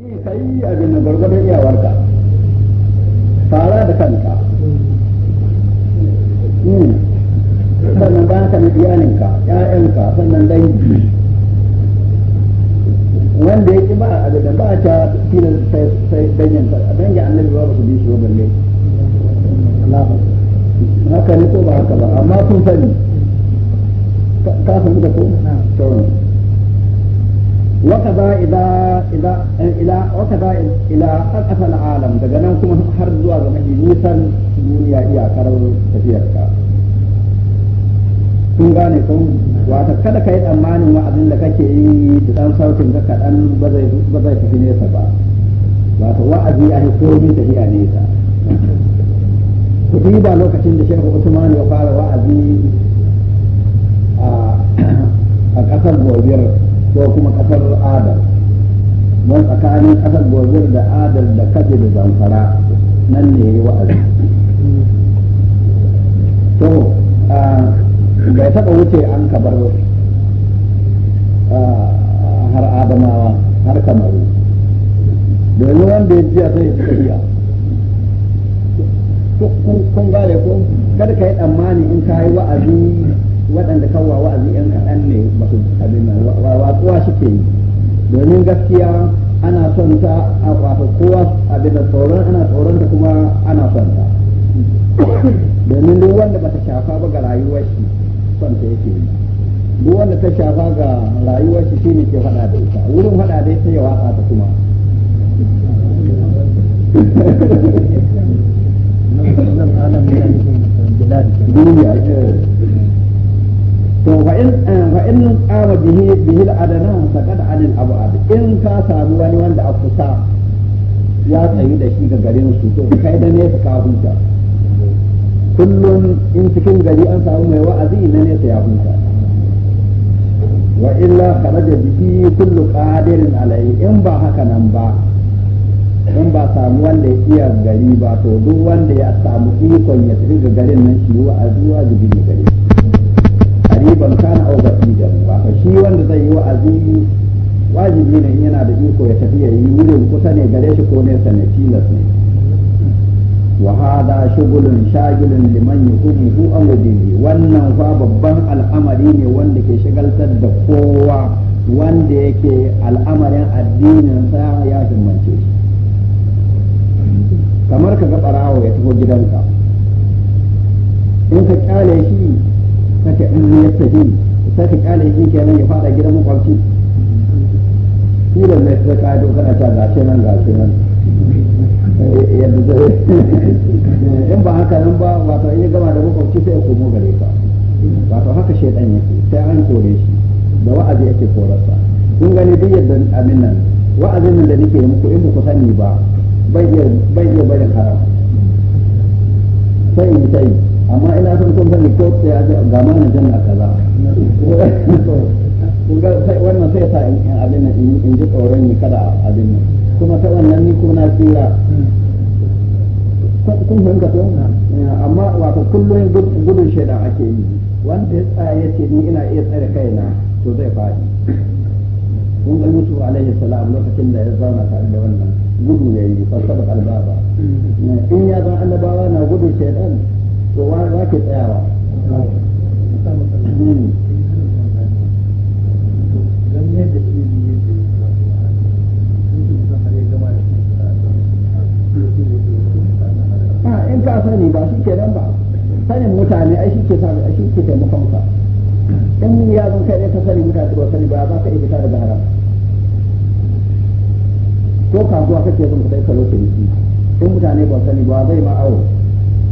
Eh, ka yi abin da gwargwadon iyawarka fara da kanka hmm. sannan ba ka na iyalinka ƴaƴanka sannan dangi wanda yake ba a da ba ta fila sai danyen dangi annabi ba su bi shi ba balle haka ne ko ba haka ba amma sun sani ka san da ko وكذا إذا إذا إلى وكذا إلى أقف العالم دعنا كم حرب زوا جمعي نيسان دنيا يا كارو gane kun wata kada ka yi tsammanin wa'azin da kake yi da ɗan sautin ka kaɗan ba zai tafi nesa ba wata wa'azi a hikomin tafiya nesa ku ba lokacin da shehu usman ya fara wa'azi a ƙasar gobiyar ko kuma kasar adal don tsakanin kasar gobe da adal da kaji da zamfara nan ne ya yi wa'azi to bai taɓa wuce an kabar har adamawa har kamaru domin wanda ya jiya sai ya fi kun gane ko kada ka yi tsammani in ka yi wa'azi waɗanda kawwa wa'azi yan kaɗan ne ba su abin da watsuwa shi ke domin gaskiya ana son ta wato kowa abin da tsoron ana tsoron ta kuma ana son ta domin duk wanda bata shafa ba ga rayuwar shi son ta yake yi duk wanda ta shafa ga rayuwar shi shine ke faɗa da ita wurin faɗa da ita ya watsa ta kuma duniya eh. to fa in eh, fa in qama bihi bihi al-adana faqad adil abu in ka samu wani wanda a kusa ya tsayi da shi ga garin su to kai da ne ka huta kullum in cikin gari an samu mai wa'azi na ne ya huta wa illa kharaja bihi kullu qadirin alayhi in ba haka nan ba in ba samu wanda ya iya gari ba to duk wanda ya samu ikon ya tafi ga garin nan shi wa'azi wa ne gari. ban kana au ba fa shi wanda zai yi wa'azi wajibi ne yana da iko ya tafi ya yi wurin kusa ne gare shi ko nesa ne tilas ne وهذا شغل شاغل لمن يقومه أو دينه wannan fa babban al'amari ne wanda ke shigaltar da kowa wanda yake al'amarin addinin sa ya himmance shi kamar ka ga barawo ya taho gidanka in ka kyale shi saka in ya tafi saka ka kyale shi kenan ya fada gidan makwabci kila mai sai ka yi kana ta gashi nan shi nan eh, yadda zai eh, in ba haka nan ba wato in ya gama da makwabci sai ya komo gare ka wato haka shaidan yake sai an kore shi da wa'azi yake korarsa kun gani duk yadda amin nan wa'azin nan da nake yi muku in ku sani ba bai iya barin haram sai in sai. amma ina son kun sani ko sai a ga mana janna kaza kun ga wannan sai sa in abin nan in ji tsoron ni kada abin nan kuma ta wannan ni kuma na tsira kun fahimta ko amma wato kullum gudun shaidan ake yi wanda ya tsaya ya ce ni ina iya tsare kaina to zai faɗi kun ga Yusuf alaihi salam lokacin da ya zauna tare da wannan gudu ya yi fasaba albaba mm. in ya zan annabawa na gudun shaidan to wa za ki tsayawa hmm. ah, in ka sani ba shi ke ba mutane ai shi ke sani shi ke taimakon ka in ya kai ne ka sani mutane ba sani ba za ka iya daga haram ko kasuwa kake son ka ka lokaci in mutane ba sani ba zai ma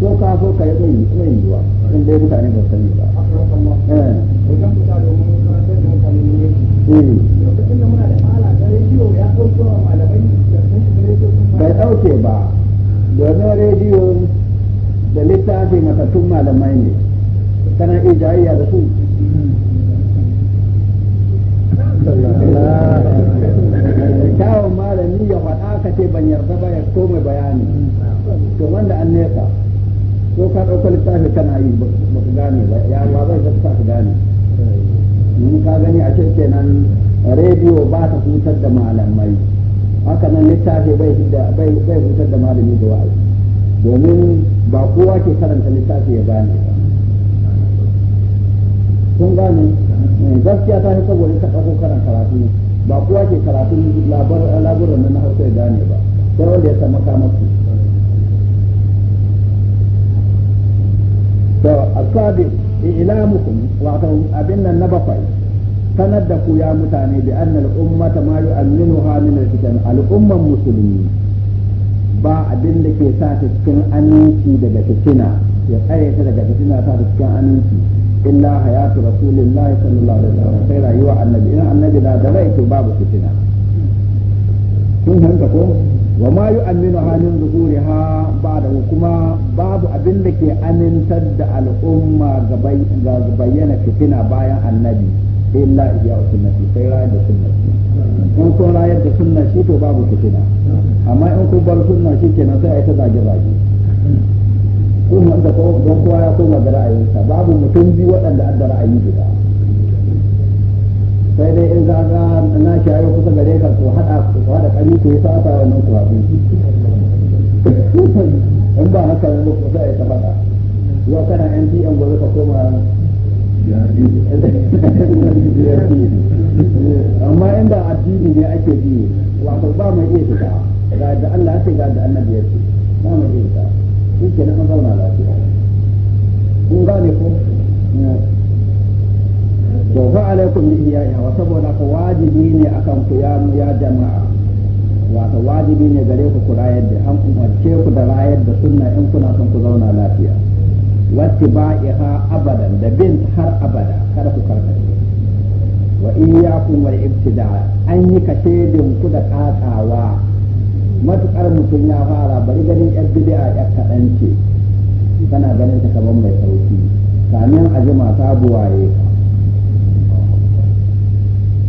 ko ka so ka yi zai yi wa in dai mutane ba sani ba. Wajen eh. ɗauke Bai ɗauke ba domin rediyo da littafi matattun malamai ne kana iya jayayya da su. Kyawun malami ya faɗa ka ce ban yarda ba ya koma bayani. To wanda an nesa. ko ka ɗauka littafi kana yi ba ku gane ba ya ba zai zaka ka gane mun ka gani a cikin nan rediyo ba ta hutar da malamai haka nan littafi bai bai bai hutar da malami da wa'azi domin ba kowa ke karanta littafi ya gane ba kun gane eh, gaskiya ta fi saboda ta ɗauko karan karatu ba kowa ke karatun labarin na hausa ya gane ba sai wanda ya samu kamar su to asabi muku wato abin nan na bakwai sanar da ku ya mutane bi annal ummata ma ha min al kitab al musulmi ba abin da ke sa ta cikin aminci daga fitina ya tsare ta daga fitina ta cikin aminci illa hayatu rasulillahi sallallahu alaihi wasallam sai rayuwa annabi in annabi da da rai to babu fitina kun hanta ko wa ma yu'minu hanin zuhuriha ba'da hukuma babu abin da ke amintar da al'umma ga bayyana fitina bayan annabi illa iya sunnati sai rayar da sunnati in kun rayar da sunna to babu fitina amma in kun bar sunna shi kenan sai ai ta zage zage kuma wanda ko kowa ya koma ga ra'ayinsa babu mutum biyu waɗanda an adda ra'ayi guda sai dai in zaga na shayo kusa gare ka su hada su hada kani ku yi sata wannan ku hafi in ba haka ne ba ku sai ta fada yau kana MPN gobe ka koma amma inda addini ne ake bi wato ba mai iya fita ga da Allah ya ce ga da annabi ya ce ba mai iya fita shi ke nan zauna lafiya kun gane ko to fa alaikum bi iyaya wa saboda ku wajibi ne akan ku ya ya jama'a wato wajibi ne gare ku ku rayar da an umarce ku da rayar da sunna in kuna son ku zauna lafiya wattiba'iha abadan da bin har abada kada ku karkace wa iyyakum wal ibtida an yi din ku da katsawa matukar mutum ya fara bari ganin yar bid'a yar kadan ce kana ganin ta kaman mai sauki kamin a jima ta buwaye ka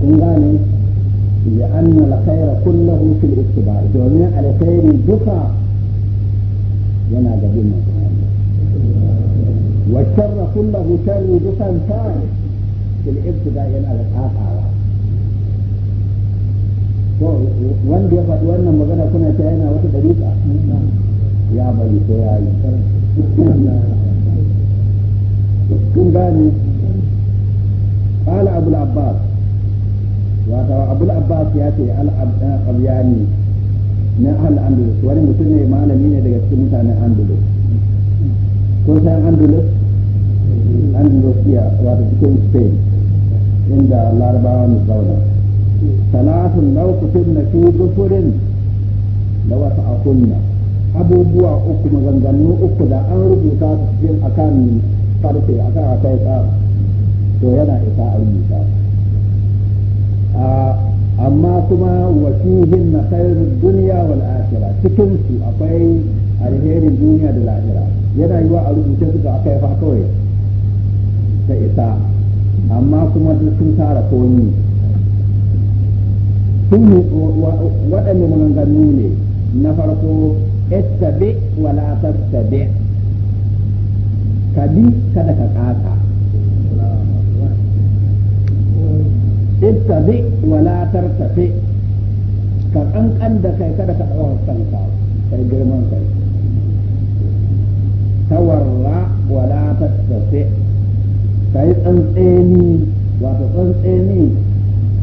إنغاني لأن الخير كله في الاتباع دون الخير دفع ينادى بنا والشر كله شر دفع ثان في الابتداء ينادى آخر wanda ya faɗi wannan magana kuna ta yana wata dariƙa ya bari ko ya yi kun gane قال أبو العباس Wata abul abbas ya ce al-abyani na al-andalus wani mutum ne malami ne daga cikin mutanen andalus ko san andalus andalusia wato cikin spain inda larabawa ne zauna salatun law na fi gufurin da wasu akunna abubuwa uku maganganu uku da an rubuta su cikin akan farce akan akai to yana isa a rubuta amma kuma wa fihin na khairud duniya wal cikin su akwai alherin duniya da lahira yana yiwa a rubuce su ga aka yi kawai ta isa amma kuma duk sun tara komi sun waɗanne maganganu ne na farko ittabi wala tattabe ka bi kada ka kasa ittabi wala tartafi ka kankan da kai kada ka dawo kanka kai girman kai tawarra wala tartafi kai tsantseni wato tsantseni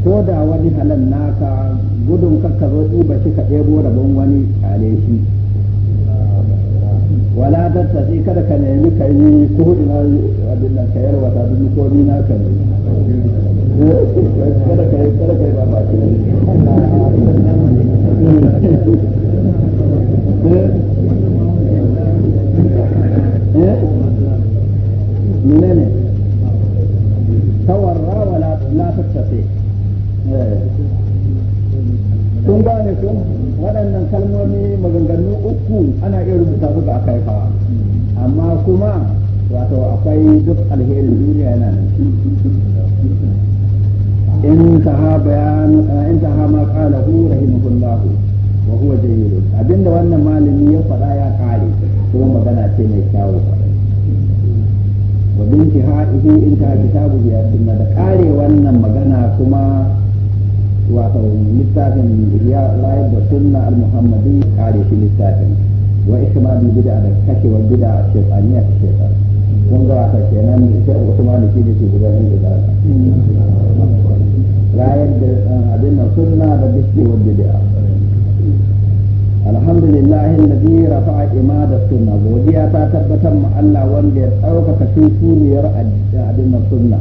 ko da wani halan naka gudun kakka zo ɗiba shi ka ɗebo rabon wani kale shi wala ta tafi kada ka nemi ka yi ko ina abin nan ka yarwa ta duk ko ni na ka ne kada ka yi kada ka yi ba ba ki ne ne wala la tattafi eh. gane kun waɗannan kalmomi maganganu uku ana iya rubuta su a kai kawa amma kuma wato akwai duk alherin duniya yana nan in ta ha bayan in ha ma qala hu rahimahullah wa huwa jayyid abinda wannan malami ya faɗa ya kare kuma magana ce mai kyawu wa bin tihaihi in ta kitabu ya sunna da kare wannan magana kuma wato littafin ya layar da sunna al-muhammadi kare shi littafin wa ishmabi bid'a da kashewar bid'a shaytaniya ta shaytan kun ga wata kenan sai Usman shi ne ke gudanar da bid'a layar da abin nan sunna da bishewar bid'a alhamdulillah alladhi rafa'a imada sunna godiya ta tabbatar ma Allah wanda ya dauka kashuriyar abin nan sunna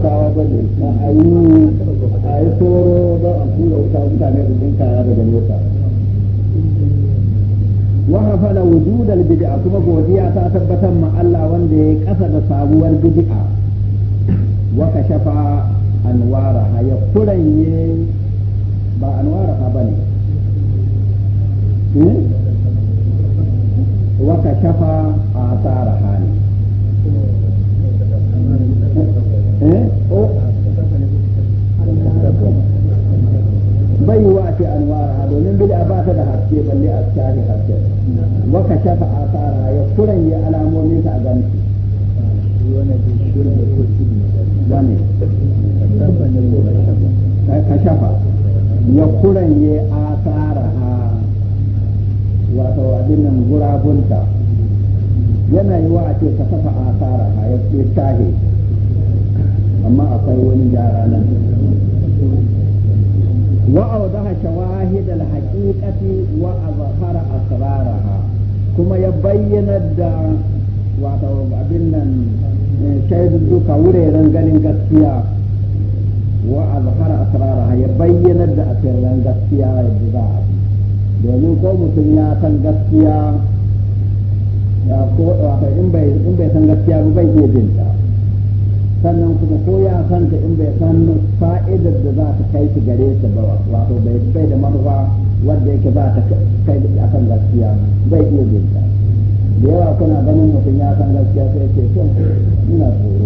talakawa ba ne ba a a yi a wuta mutane da jin kaya daga nesa wa fada wujudal bid'a kuma godiya ta tabbatar ma Allah wanda ya kasa da sabuwar bid'a wa kashafa ya kuranye ba ne. bane hmm? shafa a asaraha hali. bai wa ce anwara domin bid'a ba ta da haske balle a tsari haske wa ka shafa asara ya kuran ya alamomin ta a gamsu wani ka shafa ya kuran ya asara ha wato abin nan gurabunta yana yi wa a ce ka shafa asara ha ya tahe amma akwai wani gyara nan وأوضح شواهد الحقيقة وأظهر أسرارها كما يبين الدعاء وأبنا شهد الدكا وريرا قال قتيا وأظهر أسرارها يبين الدعاء سرا قتيا الدعاء domin ko mutum ya san gaskiya ko in bai san gaskiya ba bai iya jin ta sannan kuma ko ya san ta in bai san fa'idar da za ta kai ta gare ta ba wato bai da manufa wanda yake ba ta kai a kan gaskiya bai iya bin ta da yawa kuna ganin mutum ya san gaskiya sai ke son ina tsoro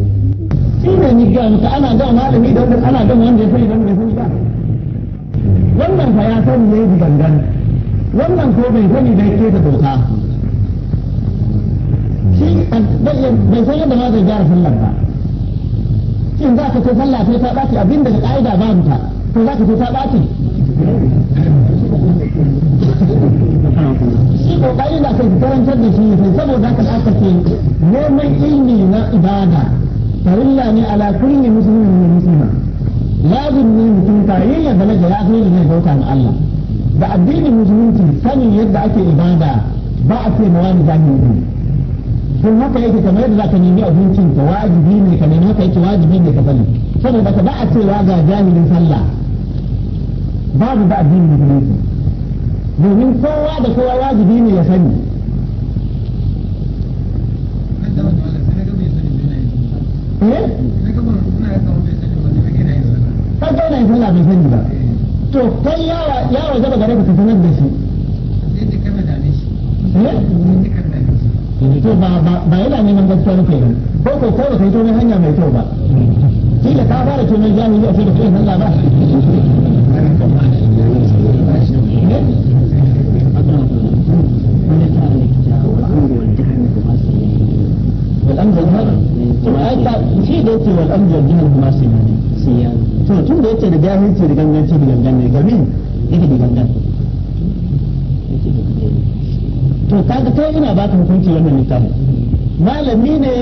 shi ne ni ga musu ana ga malami da wanda ana ga wanda ya sani da wanda ya sani ba wannan fa ya sani ne da gangan wannan ko bai sani da yake da doka shi bai san yadda ma zai gyara sallar ba shin za ka ce sallah sai ta ɓaci abin da ka'ida babu ta to za ka ce ta ɓaci shi kokari da kai karantar da shi to saboda haka aka ce neman ilimi na ibada farilla ne ala kulli muslimin wa muslima lazim ne mutum yin ya balaga ya zo ne bauta ma Allah da addinin musulunci sanin yadda ake ibada ba a ce mawani zamu yi don haka yake kamar yadda za ka nemi abincin ka wajibi ne ka nemi haka yake wajibi ne ka sani saboda ka ba a cewa ga jami'in sallah babu ba addinin musulunci domin kowa da kowa wajibi ne ya sani eh? kan zauna ya sallah bai sani ba to kai yawa yawa gaba gare ka sanar da shi to ba ba yana neman gaskiya nake yi ko ko ko ba kai to hanya mai kyau ba shi da ka fara tunan jami'i a sai da kai nan ba shi da yake wal amru wal jahlu ma sai to tun da yake da jahilci da da gangan ne yake da gangan to kaga kai ina baka hukunci wannan littafin malami ne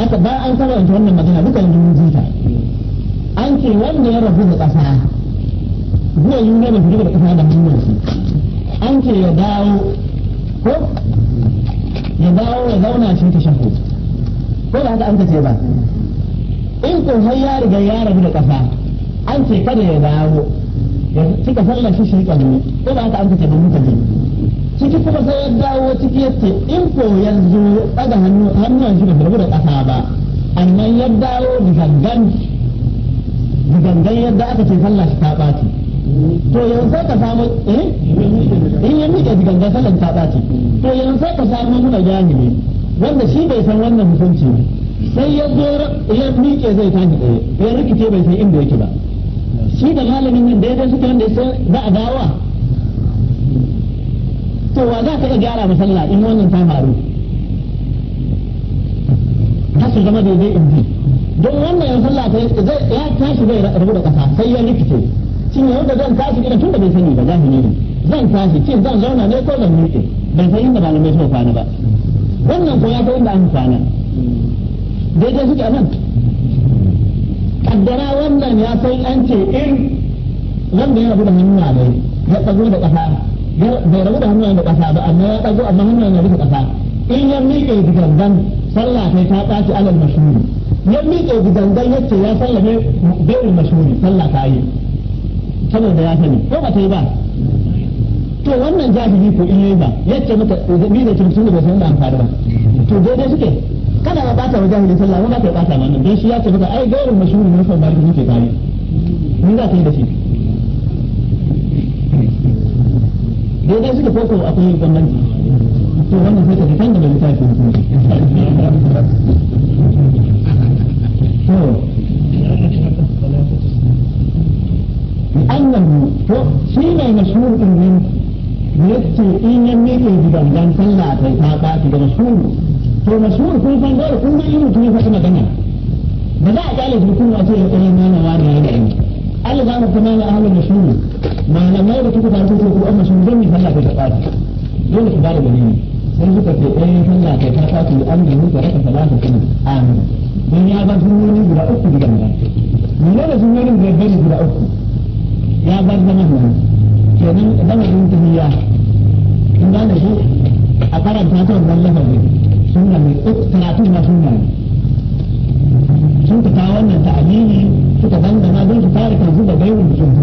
aka ba an karanta wannan magana duka yanzu mun jita an ce wanda ya rabu da kasa zuwa yi ne mai da kasa da hannun shi an ce ya dawo ko ya dawo ya zauna shi ta shafo ko da haka an ka ce ba in ko har ya riga ya rabu da kasa an ce kada ya dawo ya cika sallar shi shi ƙarni ko da haka an ka ce ba mutane ciki kuma sai ya dawo ciki yace in ko yanzu daga hannu hannuwan shi ba da ƙasa ba amma ya dawo gangan digangan yadda aka ce sallah shi ta ɓaci to yanzu ka samu eh in ya miƙe gangan sallah ta ɓaci to yanzu ka samu muna jahili wanda shi bai san wannan hukunci sai ya zo ya miƙe zai tashi tsaye ya rikice bai san inda yake ba shi da malamin nan daidai suke wanda sai za a dawa to wa za ka iya gyara masalla in wannan ta faru ta su zama daidai in ji don wannan yan sallah ta ya tashi zai rabu da kasa sai ya rikice shin yau da zan tashi ina tun da bai sani ba jahili ne zan tashi ce zan zauna ne ko zan miƙe ban san inda malamai suka kwana ba wannan ko ya san inda an kwana daidai suke a nan kaddara wannan ya san an ce in wanda ya rabu da hannu na dai ya tsago da kasa bai rabu da hannayen da ƙasa ba amma ya ɗago amma hannayen ya rufe ƙasa in ya miƙe gidangan sallah kai ta ɓaci alal mashuri ya miƙe gidangan yace ya sallame bai'ul mashuri sallah ta yi saboda ya sani ko ba ta yi ba to wannan jahili ko in yayi ba yace mata zabi da cikin da san da amfani ba to daidai suke kada ba bata wa jahili sallah wanda ka bata mana don shi ya ce mata ai gairin mashuri ne fa ba ta yi ni za ta yi da shi daidai suke koko akwai bambanci to wannan sai ka fi kan da mai littafi annahu to shi ne mashhur din nan yace in ya miƙe gidan dan sallah sai ta ɓaci da mashhur to mashhur kun san dole kun ga irin kun faɗi magana ba za a kyale shi kun a ce ya tsare mana wani yana yi Allah za mu kuma na ahlul mashhur malamai da kuka tafi ko amma sun zanni sallah kai ta fadi dole ku ba da dalili sai suka ce eh sallah kai ta fadi an da muka raka salatu kun amin dan ya ba sun wani guda uku daga nan ne da sun wani guda bari guda uku ya ba zama nan kenan idan mun tafiya in da ne shi a karanta ta wannan lafazi sunna mai uku talatin na sunna sun ta wannan ta'amini suka ma don su fara kan zuba baiwun sun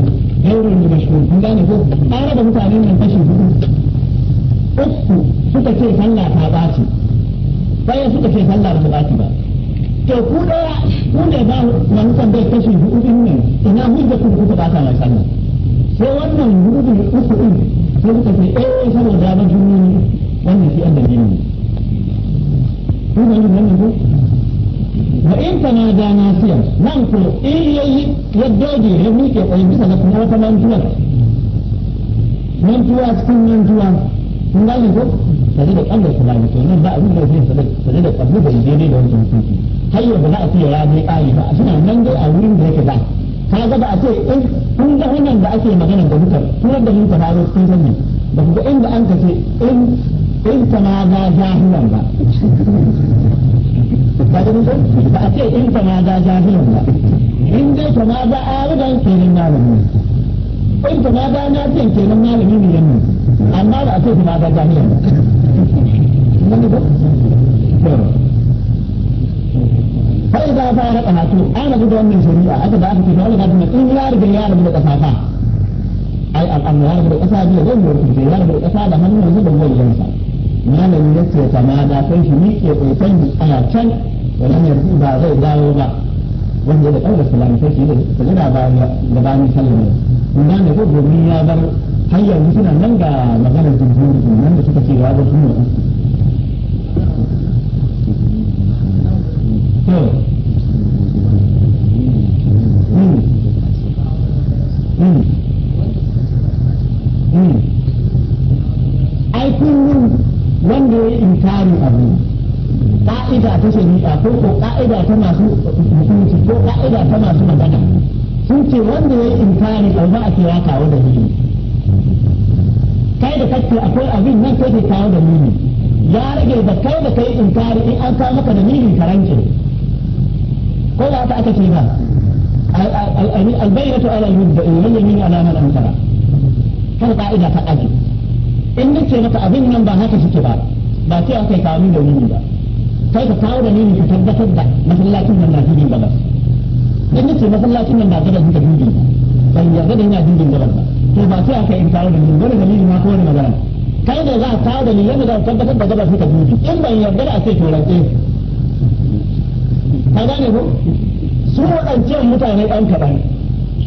gairin da mashhur kun gane ko tare da mutanen nan kashi hudu uku suka ce sallah ta baci bayan suka ce sallah ba ta ba to ku daya ku ne ba kashi hudu din ne ina hujja ku ba ta mai sallah sai wannan hudu uku din sai suka ce eh, eh saboda ba jini wannan shi an da jini ku ne ko wa in ta na da nasiya nan ko in eh, yayi ya doge ya miƙe tsaye bisa na kuma wata mantuwa mantuwa cikin mantuwa kun ni ko tare da kan da kuma mutum nan ba abin da zai sadar tare da abu da daidai da wancan hukunci har ba za a ce ya ne ba suna nan dai a wurin da yake ba ka ga ba a ce in eh, kun ga wannan da ake magana da mutar kuma da mutar ta cikin sanyi ba ku ga inda an kace in in ta a ga jahilan ba ba a ce in kama za jahilin ba in dai kama za a yi ban kenan malami in kama za na ce kenan malami ne yanni amma ba a ce kama za jahilin ba wani ba kawai za a fara kama to ana gudu wannan shari'a aka ba a fito wani gadi mai in ya rigar ya rigar kasa ta ai al'amma ya rigar kasa biyu zai yi wani rigar ya rigar kasa da hannun zai da wani rigar kasa malami ya ce fa da kan shi miƙe ƙoƙon yi a can wannan yanzu ba zai dawo ba wanda da ɗaura salami sai shi da sajada gabanin sallama kun ko domin ya bar har yanzu suna nan ga maganar jirgin nan da suka ce ya bar sun samun abu ka'ida ta shari'a ko ko ka'ida ta masu hukunci ko ka'ida ta masu magana sun ce wanda ya yi inkari a ba a ce kawo da nuni kai da kacce akwai abin nan kai ke kawo da nuni ya rage da kai da kai inkari in an kawo maka da nuni karanci ko ba ta aka ce ba albayyatu ala yudda'i wal yamin ala man ankara kan ka'ida ta aji in nace maka abin nan ba haka suke ba ba sai aka yi kawo da wuri ba kai ka kawo da nini ka tabbatar da masallacin nan na dubin gabas dan ce masallacin nan na gabas ka dubi ban ya da ina dubi gabas ba to ba sai aka in kawo da wuri wani dalili ma ko wani magana kai da za a kawo da nini da a tabbatar da gabas ka dubi in ban yarda da a ce to ka gane ko su wadance mutane ɗan kaɗan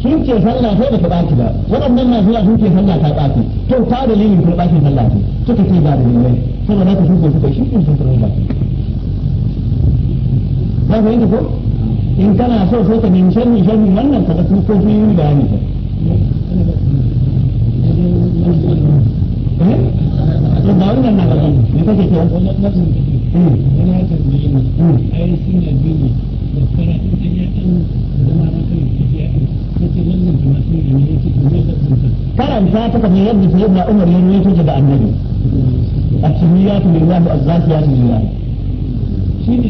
sun ce sallah sai bata baki ba waɗannan masu sun ce sallah ta baki to ta dalilin ko baki sallah ce suka ce ba dalilai saboda ka shi in sun tarar ka ko in kana so sai ka wannan ka ga sukofi yin bayani ka eh? ba wannan na ne kake hmm. ai sun da biyu da fara in ya wannan sun ne da karanta ta yadda Umar da annabi الكميات لله والذاتيات لله شنو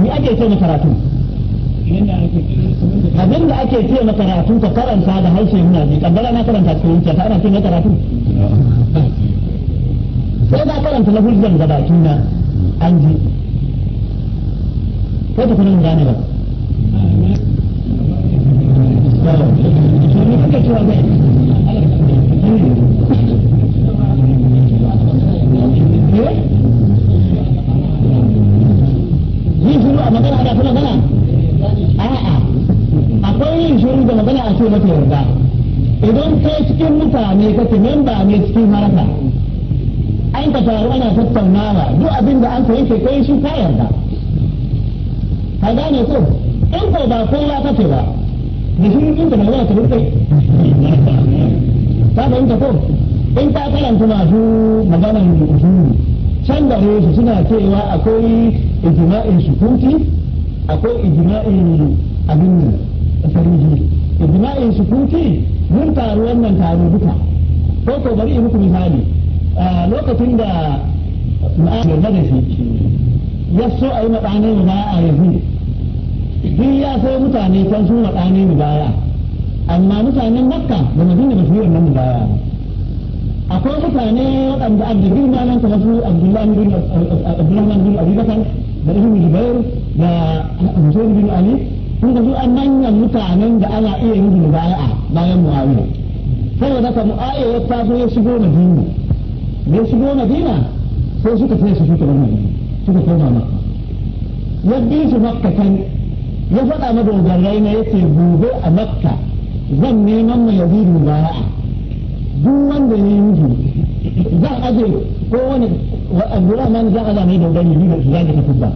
me ake ce karatu abin da ake ce na karatu ka karanta da harshe muna ji kaddara na karanta cikin wuce ta ana ce na karatu sai na karanta na hujjar da baki na an ji ko ta kuma gane ba ne kuka yi shuru a magana da kuma magana a'a akwai yin shiru da magana a ce mata yarda idan ta cikin mutane kake memba ne cikin haraka an ka taru ana tattaunawa duk abin da an ka yake kai shi ka yarda ka gane ko in ko ba kowa kake ba da shuru din ta rufe ka fahimta ko in ka karanta masu maganar usuli can gare su suna cewa akwai ijma'in sukuti akwai ijma'in abin nan sariji ijma'in sukuti mun taru wannan taro duka ko ko bari in muku misali lokacin da ma'amir da shi ya so a yi maɗanin baya a yanzu duk ya sai mutane can sun maɗanin baya amma mutanen makka da madina ba su yi wannan mubaya akwai mutane waɗanda abdullahi na nan kamar su abdullahi bin abdullahi bin abubakar da ibn jubair da husayn bin ali sun ga su an manyan mutanen da ana iya yin mubaya'a bayan muawiya da ka muawiya ya taso ya shigo madina ya shigo madina sai suka sai su fita wannan suka koma makka ya bi su makka kan ya faɗa madogarai na yake gobe a makka zan neman mai yahudu baya duk wanda ya yi mutu zan aje ko wani abdurrahman za a zame dogari biyu da su zage ta kubba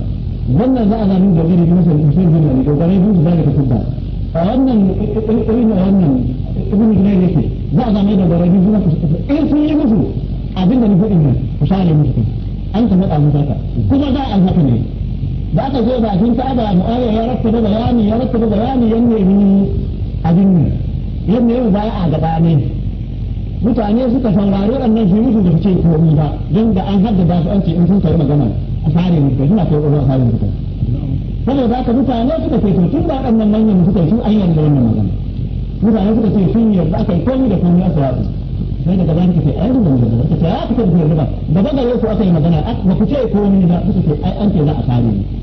wannan za a zame dogari biyu da su zage ta dogari biyu da zage kubba a wannan irin wannan irin junayd yake za a zame da biyu da su in sun yi mutu abin da ni faɗin ne ku sare musu an ka matsa musu haka kuma za a haka ne ba ka zo ba bakin ka'aba mu'awiya ya rattaba bayani ya rattaba bayani yanne ni abin ne yin ne ba a gaba ne mutane suka saurari wannan shi musu da su ce komi ba don da an da su an ce in sun kai magana a fare ne da suna kai ƙwaƙwalwa a fare mu saboda haka mutane suka ce to tun da nan manyan suka su an yarda wannan magana mutane suka ce sun yarda aka yi komi da komi a sawabi sai daga bayan kace ai ruwan da ta ce ya kuka da yarda ba gaba gare ku aka yi magana ba ku ce komi ba suka ce ai an ce za a fare ne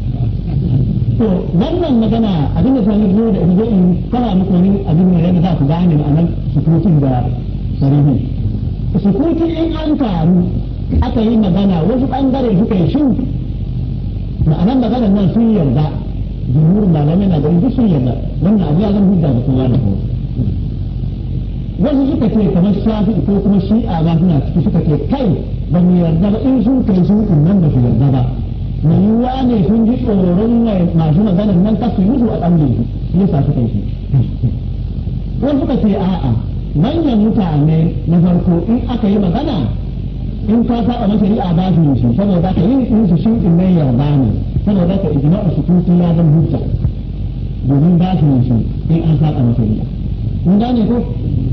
to wannan magana abin da sani zo da in zo in fara muku wani abin ne da za ku gane ma'anar sukutin da sarihi sukutin in an taru aka yi magana wasu bangare suka yi shin ma'anar maganar nan sun yarda jumhur malamai na ganin duk sun yarda wannan abu ya hujja da kowa da kowa wasu suka ce kamar shafi ko kuma shi'a ba suna suka ce kai ba mu yarda ba in sun kai sun nan ba su yarda ba mai yiwuwa ne sun ji tsoron masu maganar nan ta su musu a ɗaure su yasa suka yi wani suka ce a'a manyan mutane na farko in aka yi magana in ka saba na shari'a ba su yi saboda ka yi in su shi in mai yarda ne saboda ka ijma'u su tutu ya zan hujja domin ba su yi in an saba na shari'a mun gane ko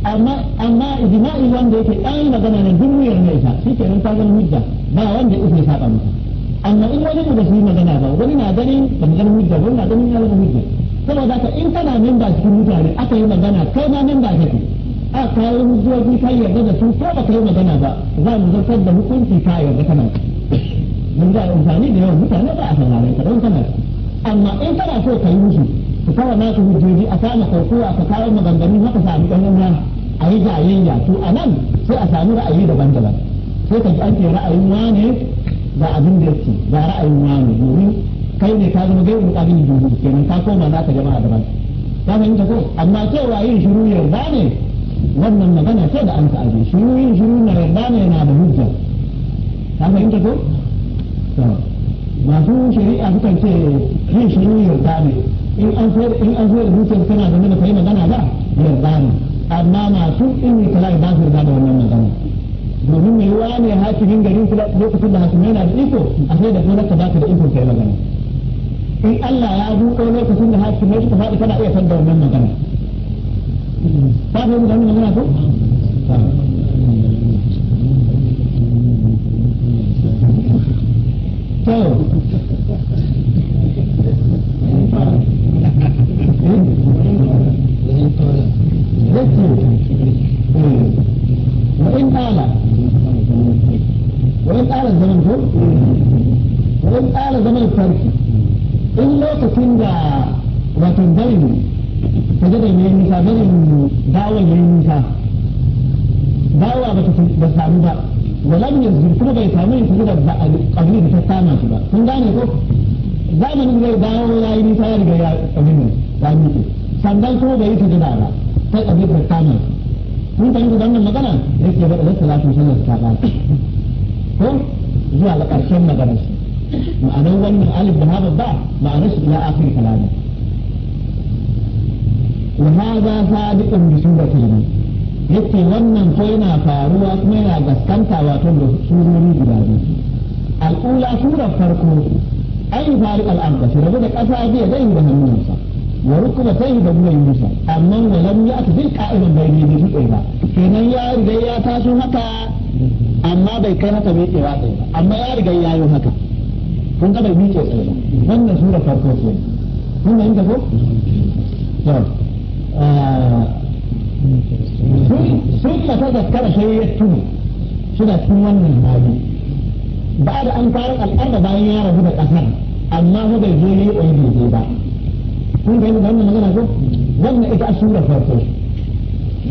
amma amma ijma'i wanda yake ɗan magana ne duniyar wuyar mai sa shi kenan ta zan hujja ba wanda ya isa saba masa amma in wani ne ba su yi magana ba wani na ganin da mu hujja wani na ganin ya hujja saboda ka in kana nan ba cikin mutane aka yi magana kai ma nan ba kake a kawo hujjoji ka yarda da su ko ba ka yi magana ba za mu zartar da hukunci ka yarda kana mun ga amfani da yawan mutane ba a sauraron ka don kana amma in kana so ka yi musu ka kawo su hujjoji a kama a ka kawo maganganu haka sami ɗan uwa a yi jayayya to a nan sai a sami ra'ayi daban-daban sai ka ji an ke ra'ayin wane ga abin da yake ga ra'ayin ne domin kai ne ka zama gairin abin da kenan ka koma za ka jama'a daban ka fahimta ko amma cewa yin shiru yarda ne wannan magana sai da an ka aje shiru yin shiru na yarda ne yana da hujja ka fahimta ko masu shari'a sukan ce yin shiru yarda ne in an so in an so da hujjar tana da nuna kai magana ba yarda ne amma masu in ne kala ba su yarda da wannan magana domin mai yiwa ne hakimin garin su lokacin da hakimai na da iko a sai da gonar ba ka da iko kai magana in Allah ya buɗo lokacin da hakimai suka faɗi kana iya fadda wannan magana ba ka yi da magana ko to Thank you. zaman ko wurin tsara zaman farki in lokacin da wato barin ta da mai nisa barin dawon ya nisa dawa ba ta samu ba walam yanzu kuma bai samu yin kuma da abin da ta sama shi ba kun gane ko zamanin zai dawo ya yi nisa ya riga ya abin ya mutu sannan kuma bai yi ta jira ba sai abin da ta sama shi kun fahimta wannan magana yake ba da wasu lafiya sanar ta ba ko zuwa ga ƙarshen maganar shi ma'anar wannan Ali da haɓar ba ma'anar shi ila akhir kalami wa hadha sadiqun bi suratihi yace wannan ko yana faruwa kuma yana gaskanta wato da surori guda biyu al'ula surar farko ai fariq al'amda shi rabu da ƙasa zai yi da hannunsa wa rukuma sai da buwan yusa amma walam ya aka bin ka'idan bai ne dutse ba kenan ya riga ya taso haka amma bai kai haka bai tsira tsaye ba amma ya riga ya yi haka kun ga bai miƙe tsaye ba wannan sura farko ce kun ga inda ko eh, sun ta tazakkara sai ya tuni suna cikin wannan hali ba da an fara al'ada bayan ya rabu da ƙasar amma bai zo yi oyi ba kun wannan magana ko wannan ita sura farko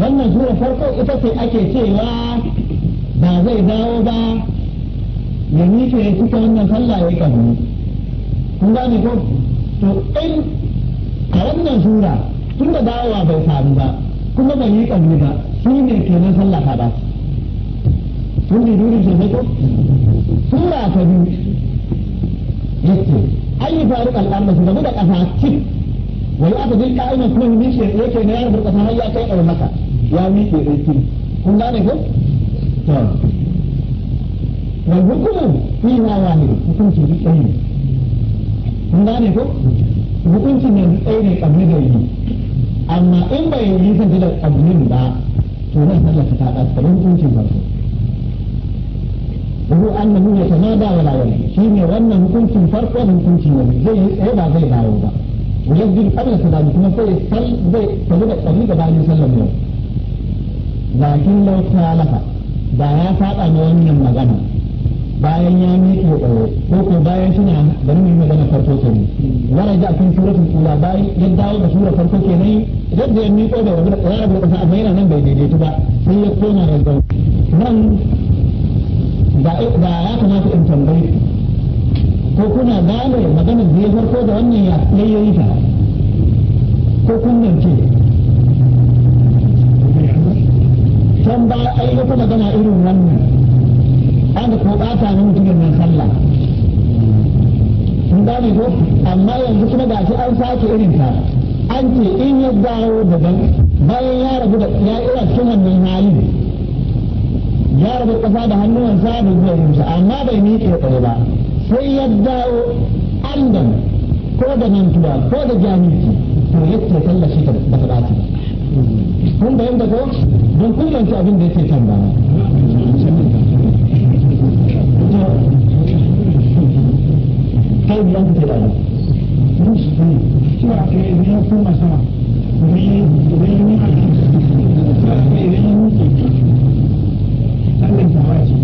wannan sura farko ita ce ake cewa ba zai dawo ba ya miƙe ya cika wannan sallah ya yi kafin kun gane ko to in a wannan sura tun da dawowa bai faru ba kuma bai yi kafin ba shi ne kenan sallah ta ba kun bi duri sosai ko sura ta biyu yake ayi faru al'amma su da ƙasa cik wani aka zai ka'inan kuma shi ya ke na yar burkata har ya kai ɗau maka ya miƙe ɗai kiri kun gane ko? wal hukumu fi ma wahid hukunci bi ɗaya ne kun gane ko? hukuncin yanzu ɗaya ne ƙabli da yi amma in bai yi zan da ƙablin ba to nan sallar ta ɗa kamar hukuncin farko Ruhu an na nuna ta na da wala wani shi ne wannan hukuncin farko hukuncin yanzu zai yi tsaye ba zai dawo ba. wajen abin su bani kuma sai sai zai tabi da tsabi da bayan sallar mu lakin lau talafa da ya saba ma wannan magana bayan ya miƙe ƙwaye ko ko bayan suna da nuna magana farko kenan wani a kan suratun ula bayan ya dawo da sura farko kenan yadda ya miƙo da wani a abu da kasa yana nan bai daidaitu ba sai ya koma da nan ba ya kamata in tambaye ko kuna gane maganar da ya farko da wannan ya yayi ta ko kun ce can ba ai wata magana irin wannan an ko bata ne mutumin nan sallah kun gane ko amma yanzu kuma gashi an sake irin ta an ce in ya dawo daban bayan ya rabu da ya ira cikin wannan hali ya rabu kasa da hannuwansa da zuwa amma bai miƙe tsaye ba sai ya dawo amdan ko da mantuwa ko da jami'i to yake tallashi ta ba ta dace kun bayan da ko don kun abin da yake can ba kai biyan ku ne ke idan koma sama idan yi mutu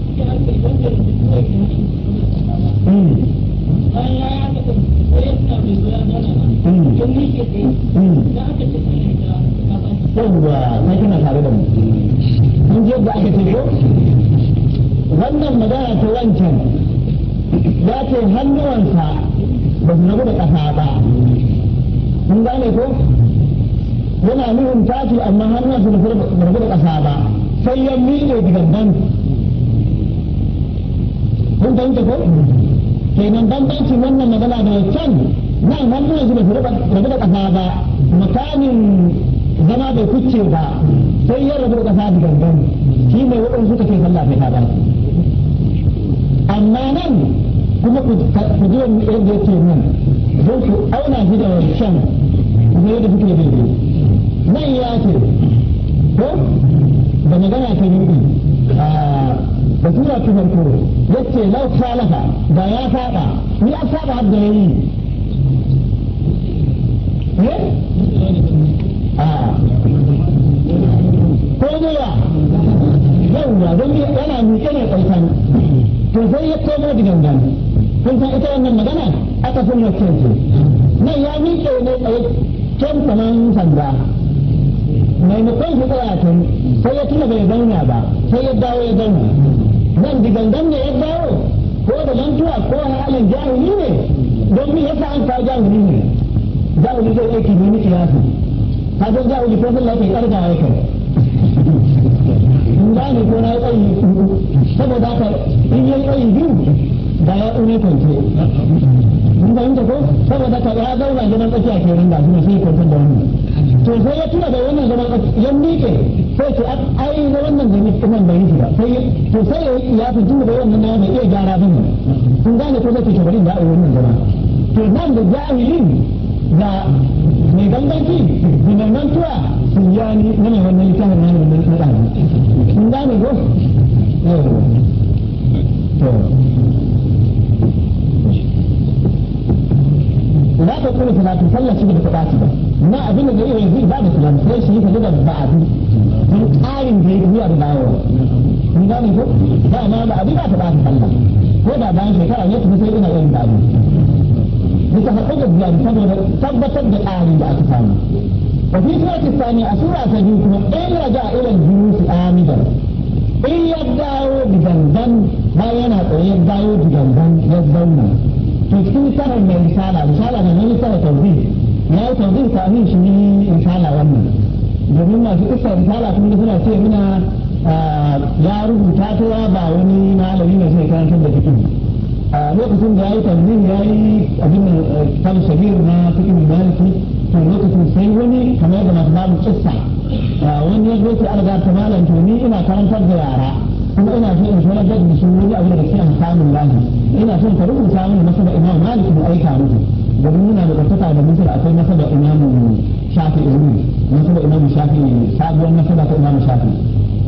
yawwa na da magana ta wancan ya hannuwansa ba su rabu da ƙasa ba mun gane ko yana nuhun tashi amma hannuwansa su rabu da ƙasa ba sai ya miƙe gidan mun fahimta ko kenan bambancin wannan magana da can nan wannan yanzu ba da rabu da kasa ba makamin zama bai kucce ba sai ya rabu da kasa da gangan shi ne waɗansu take sallah mai ba amma nan kuma ku ji wani yadda yake nan don ku auna shi da wancan zai da suke daidai nan ya ce ko da magana ta yi a ah, da tura ta farko yace lau salaha da ya saba ni ya saba hadda yayi ne eh? ah. ko ne ya yawwa don yana miƙe ne ƙarfan to sai ya komo da gangan kun san ita wannan magana aka fi mai kyau nan ya miƙe ne tsaye kyan kaman sanda maimakon shi tsaya can sai ya tuna bai zauna ba sai ya dawo ya zauna nan digangan ne ya dawo ko da mantuwa ko halin jahili ne don me yasa an kawo jahili ne jahili zai aiki bi miki ka san jahili ko sun lafi karga ya kai in ko na yi tsayi saboda haka in yi tsayi biyu da ya tsune kwance ko saboda ya zauna gidan tsakiya ke rinda suna sai da to sai ya tuna da wannan zaman ƙasa ya miƙe sai ce ai na wannan da miƙe nan bai yi ba sai to sai ya fi tuna da wannan na mai iya gyara bin sun gane ko zai ce bari da ai wannan zaman to nan da jahilin da mai ganganci da mai mantuwa sun ja ni na mai wannan littafin na mai wannan tsari sun gane ko na abin da zai yanzu ba da su ba sai shi ka da ba abu ƙarin da ya zuwa da dawo mun gane ko ba ma ba abin ba ta ba ta sallah ko da bayan shekara ne kuma sai ina yin babu bisa haɗu da biya saboda tabbatar da ƙarin da aka samu وفي سورة الثانية سورة تجيكم إن رجع إلى الجلوس آمدا إن يدعوا بجنبا ما ينهى يدعوا بجنبا يدعونا تكتب سنة من رسالة رسالة من رسالة توضيح na yi ta min shi ne in wannan domin masu isa shala sun da suna ce muna ya rubuta ta ba wani malami ne zai karantar da cikin lokacin da ya yi tanzim ya yi abin da kan shabir eh, na cikin maliki to lokacin sai wani kamar da masu babu kissa wani ya zo ce alga ta malam ina karantar da yara kuma ina so in sanar da su wani abu da ke an samun lahi ina son ka rubuta mana masu da imam maliki mu aika musu domin muna da tsarkaka da misir akwai nasaba imamu shafi ilu nasaba imamu shafi sabuwar nasaba ta imamu shafi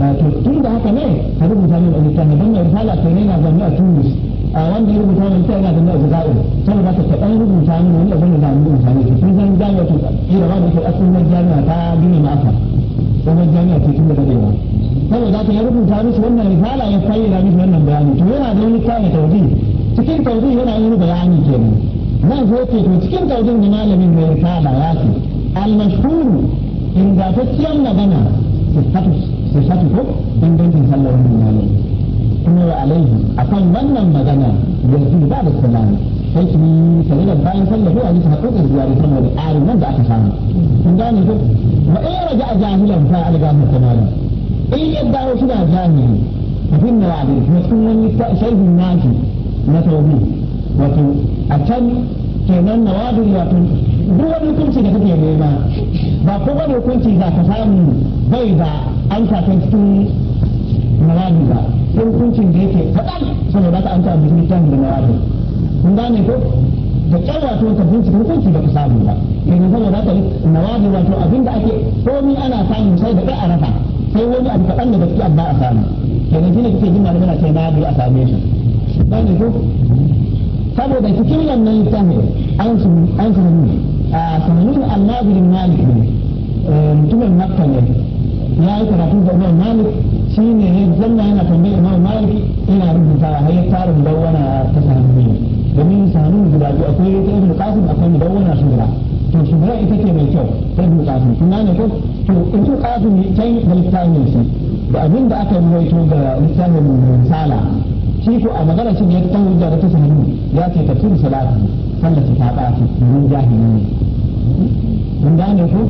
eh, to tun da haka ne ka rubuta min alƙalmi don mai risala to ne na zanne a tunis a wanda ya rubuta min ta yana zanne a jazair saboda ka ta ɗan rubuta min wanda zan da mu rubuta ne kun san jami'a to ira ba da ke asalin jami'a ta gini ma aka kuma jami'a ce tun da dadewa saboda ka ya rubuta musu wannan risala ya fayyana musu wannan bayani to yana da wani kayan tawdi cikin tawdi yana yin bayani kenan zai zo ke to cikin taudin da malamin mai risala ya ce almashhuru ingantacciyar magana sifatu ko ingancin sallar malamin kuma wa alaihi akan wannan magana yanzu ba da salami sai ki tare da bayan sallar ko a bisa hakokin zuwa da saboda ƙarin wanda aka samu kun gane ko wa in raja a jahilan fa algamu kamalan in ya dawo suna jahili abin da wa da cikin wani sharhin nashi na tauhid wato a can kenan nawadin wato duk wani hukunci da kake nema ba ko wani hukunci za ka samu bai ba an kwasan cikin nawadi ba sai hukuncin da yake kaɗan ba ka an ta abin littafin da nawadi kun gane ko da kyar wato ka bincika hukunci da ka samu ba kenan saboda ka nawadi wato abinda ake komi ana samu sai da ɗaya a rafa sai wani abu kaɗan da gaskiya ba a samu kenan shi ne kake jin malamai na ce nawadi a same shi gane ko saboda cikin wannan littafin an sanannu ah, a sanannun annabirin malik ne eh, mutumin makka ne ya yi karatu da imam malik shi ne ya zanna yana tambayar imam malik yana rubuta har ya fara mudawwana ta sanannu ne domin sanannun guda biyu akwai ta ibn qasim akwai mudawwana su guda to su guda ita ce mai kyau ta ibn qasim kun gane ko to ibn qasim can da littafin shi da abin da aka yi waito ga littafin risala شيخ أبغلا شيخ يكتن جارة سهلون ياتي تكون صلاته صلى تفاقات من جاهلين من دان يقول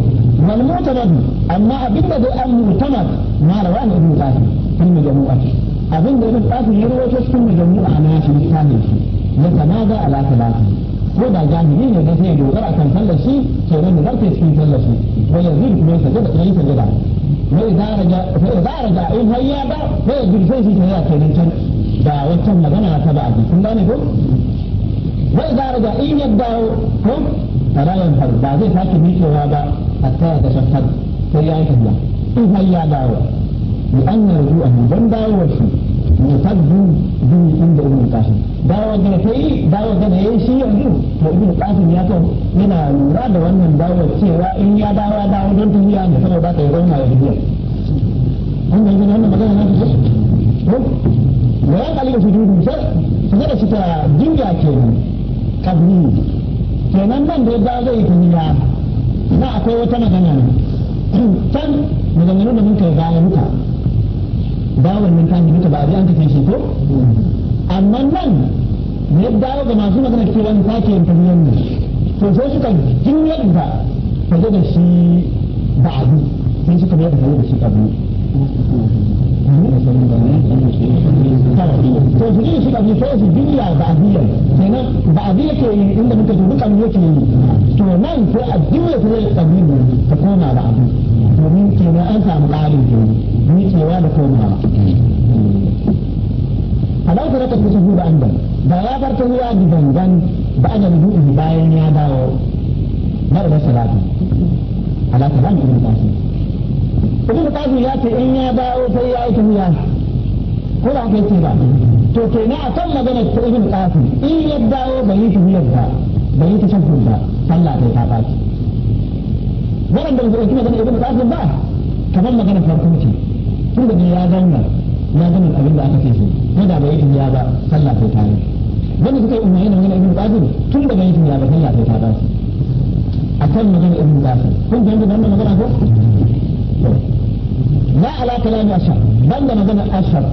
والمعتمد أما أبن ذو المعتمد ما روان ابن قاسم كل مجموعة أبن ذو ابن قاسم يروي تسكن مجموعة ما يشبه الثاني يسمى ماذا على ثلاثة ko da jami'i ne da zai dogara kan tallafi to ne da zai cikin tallafi to ya zai kuma sai da tsayi sai da ne da raja ko da raja in hayya ba ko da zai shi ne ya kenan tallafi ba wancan magana ta ba a kun gane ko wai za raja in ya dawo ko farayan faru ba zai sake mikewa ba a taya da shafar sai ya yi tafiya in har ya dawo bi an yi rubu a don dawowar shi ne ta biyu inda ibn qasim dawowar da ta yi dawowar da ya yi shi yanzu to ibn qasim ya yana lura da wannan dawowar cewa in ya dawo ya dawo don tafiya ne saboda ka yi zauna ya tafiya an wannan magana na ta ko wa yan kalin sujudu sai da suka jinya kenan kabli kenan nan da ya zai tuniya na akwai wata magana nan tan maganganu da mun kai dawa muka bawon nan kan muka ba a an kace shi ko amma nan ne ya dawo ga masu magana ke in sake yin tuniyan ne to sai suka jinyar da ta da shi ba'adu sai suka bayar da shi kabli to su ne suka fi sai su biya ba'adiyya kenan ba'adiyya ke yi inda muka dubi kan yake yi to nan sai a biya su ne kabilu ta koma ba'adu domin kenan an samu ƙarin ke ni cewa da komawa halau ta raka kusa hudu an da ya bar ta ruwa da ba a jami'u bayan ya dawo mara da salatu ala kalam ibn qasim kuma kafin ya ce in ya dawo sai ya yi tafiya ko da aka ce ba to ke na kan magana ta ibn kafin in ya dawo bai yi tafiya ba bai yi tashaffur ba sallah bai ta baci wannan da bai magana ibn kafin ba kamar magana farko ce tun da ya zanna ya gani abin da aka ce shi ko da bai yi tafiya ba sallah bai ta baci wanda suka yi umarni da magana ibn kafin tun da bai yi tafiya ba sallah bai ta a kan magana ibn qasim kun ga wannan magana ko ما على كلام أشهر بل ما دام أشعر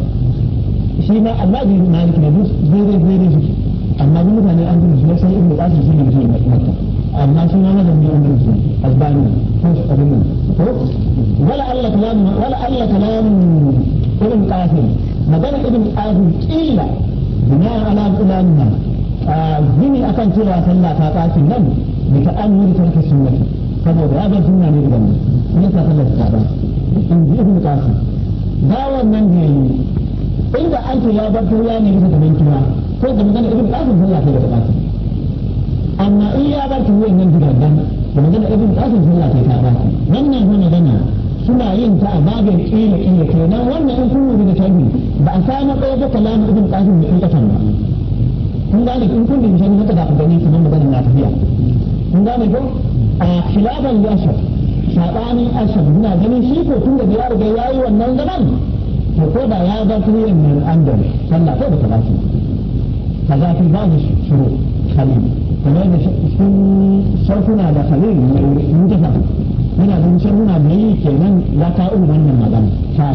شيء ما ما دي ما لك ما دوس غير غير شيء أما دي مثلا عند الزوج شيء من الأشعر شيء من الزوج ما أما شيء ما دام من عند الزوج أسبان فش أبدا ولا على كلام ولا على كلام ابن قاسم ما دام ابن قاسم إلا بناء على الإمام ما آه، زني أكن شيء وصلنا فاتاسي نم بتأمل ترك السنة فما هذا زني أنا بدمه ne ta sallar ba in ji nan da inda an ce ya bar tuya ne bisa gaban tuya ko da magana ibn qasim sun ta da qasim amma in ya bar tuya nan gidan da magana ibn qasim sun ta ta ba wannan ne magana suna yin ta a babin ƙila ƙila kenan wannan in kun rubuta tabi ba a samu ɗaya da kalamu ibn qasim da in kasan ba kun gane in kun rubuta tabi haka da ku gani kamar maganar na tafiya kun gane ko a khilafan yashar saɓanin ashar muna ganin shi ko tun da ya riga ya yi wannan zaman to ko da ya ga tuyen nan an da sallah ko ba ta ka za ki ba shi shuru khalil kamar da sarfuna da khalil mai mutafa muna ganin sarfuna da yi kenan ya kawo wannan magana ta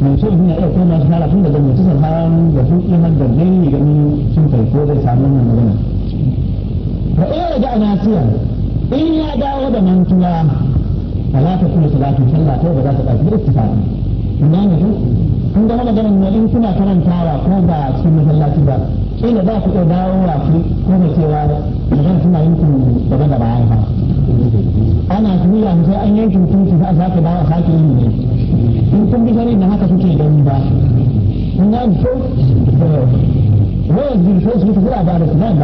mai so ina iya koma su fara tun da zan mutu da sun imar da zai gani sun kai ko zai samu wannan magana wa iya da nasiya in ya dawo da mantuwa فلا تكون صلاة صلاة ولا تقاس بالاتفاق إنما نجو kun ga maganin ne in kuna karantawa ko ba cikin masallaci ba kila za ku iya dawo wa ku ko da cewa magana suna yankin daban da bayan fa ana juya sai an yankin mutunci za a sake dawo a sake yin ne in kun bi shari'a da haka suke gani ba kun ga so wayar jirgin a ba da su na ke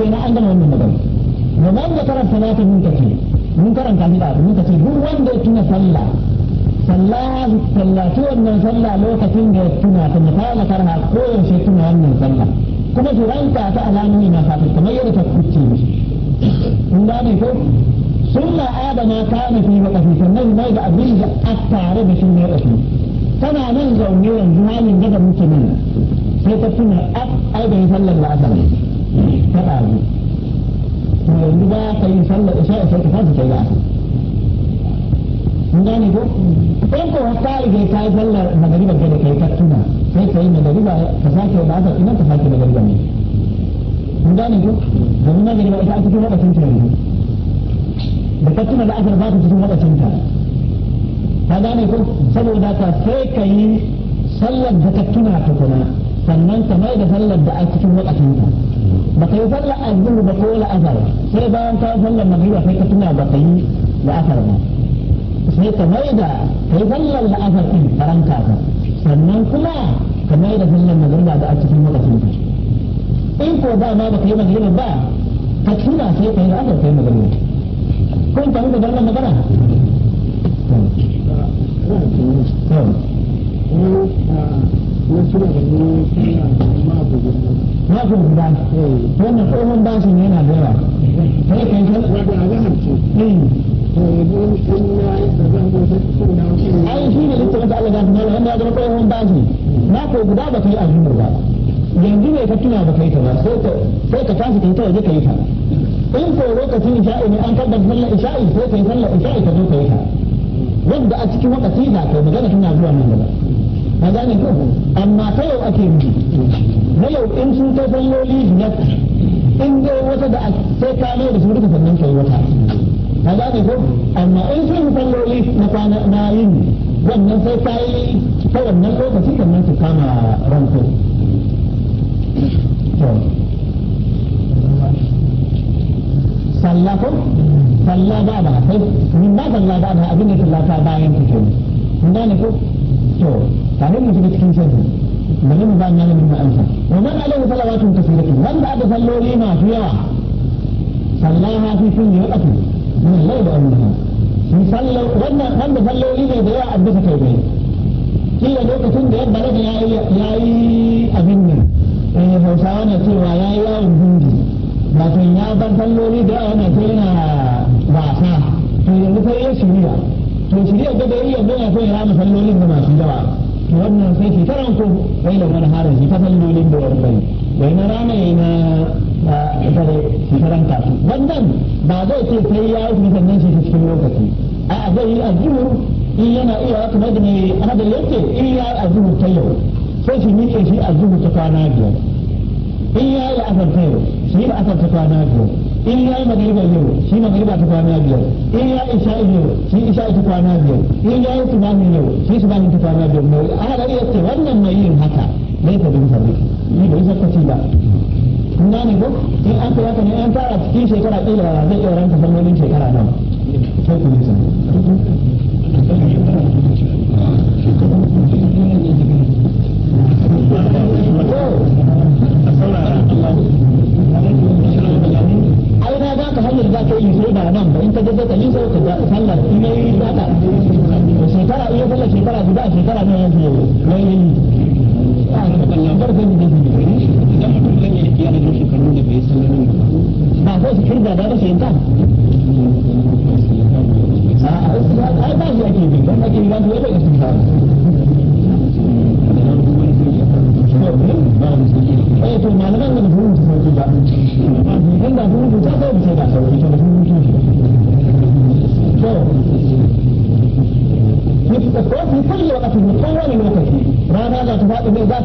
wannan magana da wanda tara karanta ni ba mun duk wanda ya tuna sallah sallah sallah ce wannan sallah lokacin da ya tuna ta misala tara ko yaushe tuna wannan sallah kuma su ranka ta alamuni na fatan kamar yadda ta kuce mishi kun gane ko sunna adama ta nufi wa kafi sannan mai da abin a tare da shi ne kafi tana nan zaune yanzu halin da muke sai ta tuna a aibin sallar da aka ta ɗazu yanzu ba ka yi sallar isha sai ka fasa kai da asar mun gane ko in ko ta rige ta yi sallar magariba da kai ta tuna sai ka yi magariba ka sake da asar idan ka sake magariba ne mun gane ko domin magariba ita a cikin lokacin ta yanzu da ka tuna da asar ba ta cikin lokacin ta ka gane ko saboda ka sai ka yi sallar da ka tuna tukuna sannan ka mai da sallar da a cikin lokacin ta ba ka yi sallar azhar ba ko la'asar sai bayan ka sallar magriba sai ka tuna ba ka yi la'asar ba sai ka mai da ka yi sallar la'asar din karan kasa sannan kuma ka mai da sallar magriba da a cikin lokacin ka in ko ba ma ba ka yi magriba ba ka tuna sai ka yi la'asar ka yi magriba kun fahimta da wannan magana Thank you. Mafi guda, wannan tsohon bashin da yawa. Sai kan da ai shi ne ita wata Allah wanda ya tsohon bashi mako guda ba yi azumar ba yanzu ne ka tuna ba ka ta ba sai ka tashi ka kai ta waje ka ta in ko lokacin isha'i ne an kaddar sallar isha'i sai kai sallar isha'i ka zo ta wanda a cikin wakati za ka magana tana zuwa nan gaba ka gane ko amma ta yau ake yi na yau in sun ta salloli biyar in dai wata da sai ka mai da su duka sannan kai wata ka gane ko amma in sun salloli na kwana na yin wannan sai ka yi ta wannan lokaci sannan su kama ranko sallah ko sallah ba ba sai min ba sallah ba abin da sallah ta bayan ku kenan kun gane ko to tare mu shiga cikin sharri bari mu ba ni malamin da ansa wa man alaihi salawatun kasiratu wanda aka salloli masu yawa sallaha fi kulli waqti min al-layl wa an-nahar shi sallau wanda wanda salloli ne da yawa a bisa kai bai kila lokacin da yadda ya balaga yayi abin nan eh Hausawa na cewa ya yi yawon hundi wato ya bar salloli da yawa yana sai yana wasa to yanzu sai ya shirya to shirya da da yayi yanzu yana so ya rama sallolin da masu yawa to wannan sai shekaran ko bai da wani harin shi ta sallolin da wani bai bai na rana ya na dare shekaran kasu wannan ba zai ce sai ya yi sannan shi cikin lokaci a zai yi azuhur in yana iya kamar da a hadar yake in ya yi azuhur ta yau sai shi miƙe shi azuhur ta kwana biyar in ya yi asar ta yau shi yi asar ta kwana biyar in ya yi magriba yau shi magriba ta kwana biyar in ya isha yau shi isha ta kwana biyar in ya yi subahin yau shi subahin ta kwana biyar mai ahadar ya ce wannan mai yin haka bai ta bin sabi ni bai saka ci ba kun gane ko in an kai haka ne fara cikin shekara kila zai iya ranta sallolin shekara nan sai ku nisa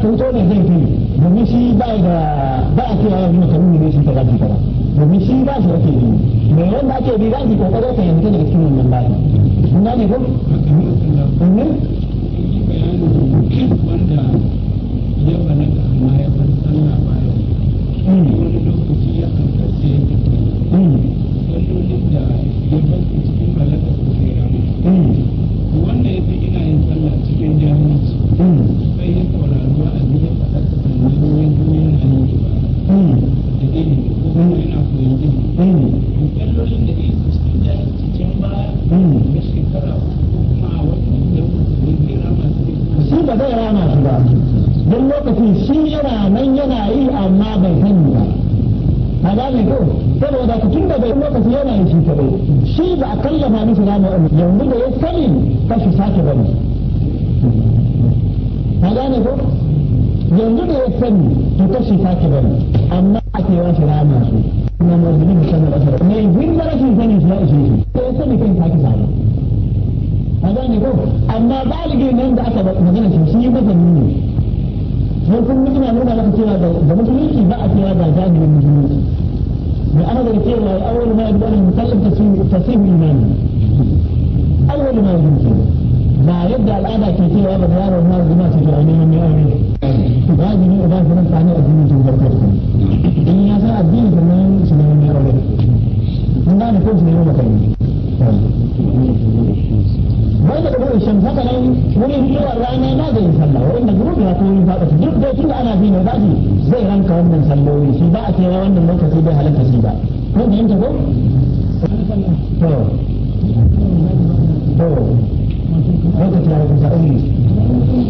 fito ne zai fi domin shi ba da ba a cewa yanzu mutum ne shi kaza shi kaza domin shi ba shi ake bi mai wanda ake bi ba shi kokarin ka yanzu daga cikin wannan bayan kun gane ko wanda ya bana yanzu da ya sani to kashi take bane amma ake ba shi rana su na mazuni musamman asara mai girma rashin sani su ya ishe shi da ya sani kan take sani a gane ko amma baligi nan da aka magana shi shi mazani ne don kun mutuna nuna maka cewa da musulunci ba a cewa ga jami'in musulunci da ana da cewa awwal ma yadda al-musallin tasawwur tasawwur imani awwal ma yadda ba yadda al'ada ke cewa ba da yaron ma zuma ce to ainihin ne aure wajibi ne ba su nan sani addinin sun farko da in ya san addini sannan su ne mai aure in ba ni ko su ne mai makarni wai da dubu shan haka nan rana na da yin sallah wurin da gurubi ya kuma yin faɗa duk ana bi ne ba shi zai ranka wannan salloli shi ba a wannan lokaci bai halatta shi ba ko da yanke ko to to lokaci ya kusa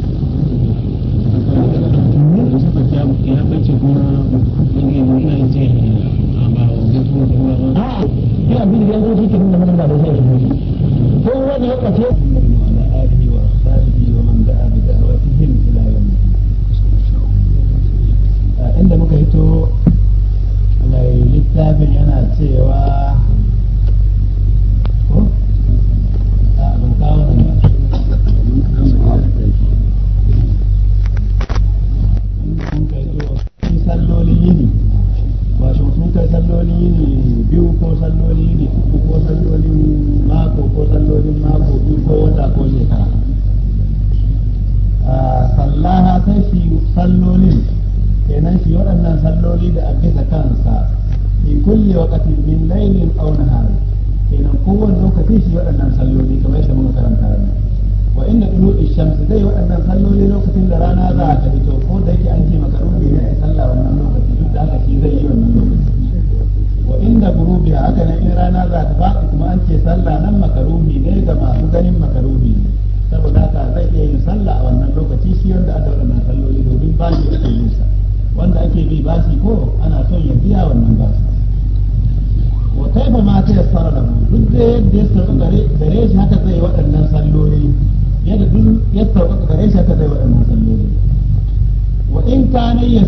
ya bace kuma yake nuna ya ce a ba wa mutum da kuma ba a yi abin da ya zo cikin da mana ba da zai rubuta ko wani lokaci inda muka hito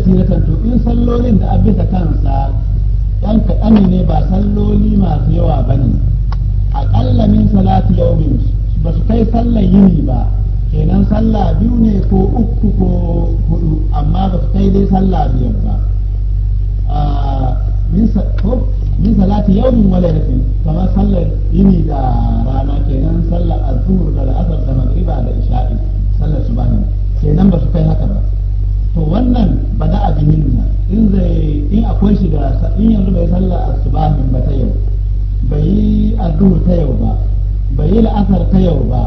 kan to in sallolin da da kansa ɗan kaɗan ne ba salloli masu yawa ba ne aƙalla min salati yaumin ba su kai sallar yini ba kenan sallah biyu ne ko uku ko hudu amma ba su kai dai sallah biyar ba min salati yaumin wala yafin kamar sallar yini da rana kenan sallar azhur da la'asar da magriba da isha'i sallar su ba ne kenan ba su kai haka ba to wannan ba da abin yin in zai in akwai shi da in yanzu bai sallah asubahin ba ta yau bai yi addu'u ta yau ba bai yi la'asar ta yau ba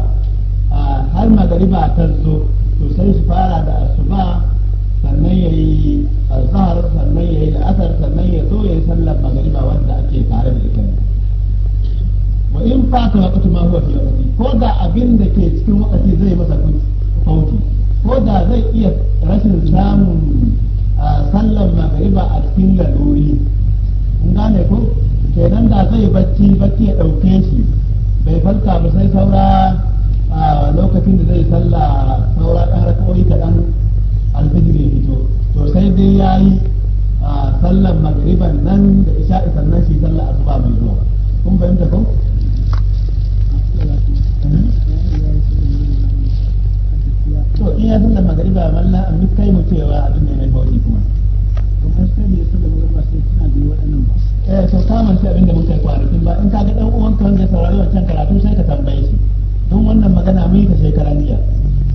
har magariba ta zo to sai shi fara da asuba sannan ya yi azhar sannan ya yi la'asar sannan ya zo ya yi sallar magariba wanda ake tare da ita wa in fata waqtu ma huwa fi waqti ko da abin da ke cikin waqti zai masa fauti ko da zai iya rashin samun sallan magariba a cikin lalori in gane ko kenan da zai bacci bacci ya ɗauke shi bai farka ba sai saura lokacin da zai salla saura ɗan kawai kaɗan alfijir ya fito to sai dai ya yi sallan magariban nan da isha'i sannan shi sallah asuba mai zuwa kun fahimta ko? to in ya sallar magariba malla an duk kai mu abin ne mai bauti kuma to kan sai ya da magariba sai suna biyu waɗannan ba eh to kamar sai abin da mun kai tun ba in ka ga dan kan wanda saurari can karatu sai ka tambaye shi don wannan magana mun yi ta shekara niya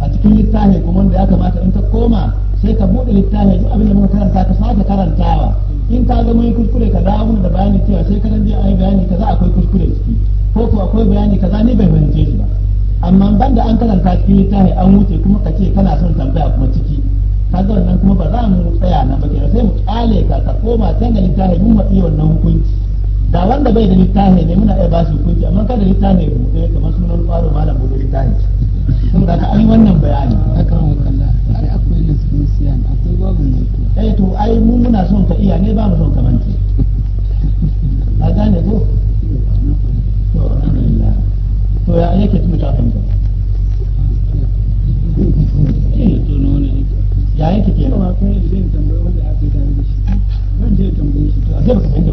a cikin littafi kuma wanda ya kamata in ta koma sai ka buɗe littafi duk abin da muka karanta ka sake karantawa in ka ga mun yi kuskure ka dawo mun da bayani cewa shekaran jiya an yi bayani kaza akwai kuskure ciki ko ko akwai bayani kaza ni bai fahimce shi ba amma ban da an karanta cikin littafi an wuce kuma ka ce kana son tambaya kuma ciki kaga wannan kuma ba za mu tsaya nan ba kenan sai mu kyale ka ka koma can da littafi mun matsi wannan hukunci da wanda bai da littafi ne muna iya basu hukunci amma kada littafi mu sai kamar sunan kwaro malam bude littafi saboda ka ai wannan bayani mu kalla ai akwai nasu siyan akwai babu ne eh to ai mu muna son ka iya ne ba mu son ka mance a gane ko to to ya yake tuna ta kan ya yake ke nan ba kun zai tambaye wanda aka tare da shi ban je tambaye shi to a zai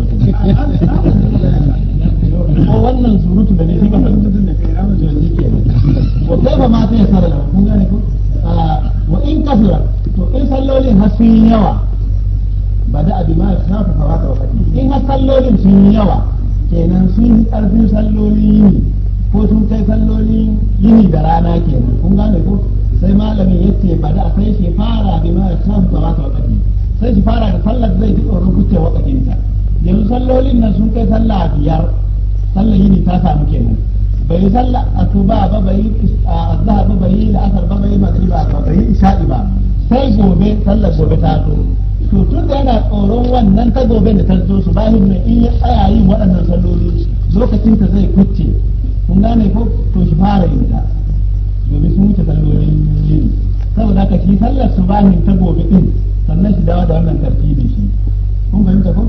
ba ko wannan surutu da ne shi ba surutun da kai ramu da shi ko wa kaifa ma sai sarala kun gane ko wa in kasura to in sallolin har sun yawa ba da abin ma ya kafa fawata wa in har sallolin sun yawa kenan sun yi karfin sallolin ne ko sun kai sallolin yini da rana kenan kun gane ko sai malamin ya ce ba da sai shi fara bi ma san ta wakati sai shi fara da sallar zai ji tsoron kuce ya yanzu sallolin nan sun kai sallah biyar sallar yini ta samu kenan bai yi sallar asuba ba bai yi azhar ba bai yi la'asar ba bai magriba ba bai yi isha'i ba sai gobe sallar gobe ta zo to tun da yana tsoron wannan ta gobe da ta zo su bayan in ya tsaya yin waɗannan salloli lokacinta zai kuce kun gane ko to shi fara yin ta domin sun wuce sallolin yin saboda haka shi sallar su bahin ta gobe din sannan shi dawo da wannan tartibin shi kun fahimta ko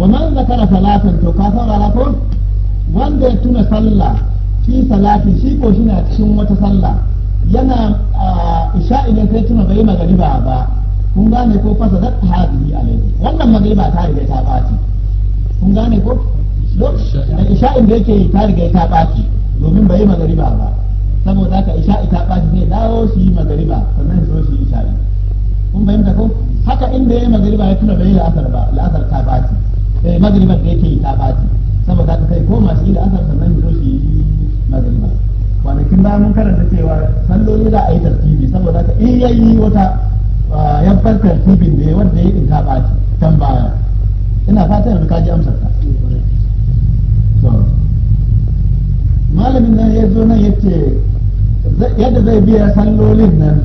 wa man zakara salatan to ka la ko wanda ya tuna sallah shi salati shi ko shi na cikin wata sallah yana isha idan sai tuna bai magariba ba kun gane ko fasa zata hadihi alaihi wannan magariba ta riga ta baci kun gane ko da isha'in da yake yi ta riga ta ɓaci domin bai yi magariba ba saboda haka isha'i ta ɓaci zai dawo su yi magariba sannan su zo su yi isha'i kun fahimta ko haka inda ya yi magariba ya tuna bai la'asar ba la'asar ta ɓaci eh magaribar da yake yi ta ɓaci saboda haka sai koma shi da asar sannan su zo su yi magariba kwanakin baya mun karanta cewa salloli za a yi tartibi saboda haka in ya yi wata ah, yabbar tartibin da ya wanda ya yi in ta ɓaci can baya ina fatan da ka ji amsar ta malamin nan ya zo nan ya ce yadda zai biya sallolin nan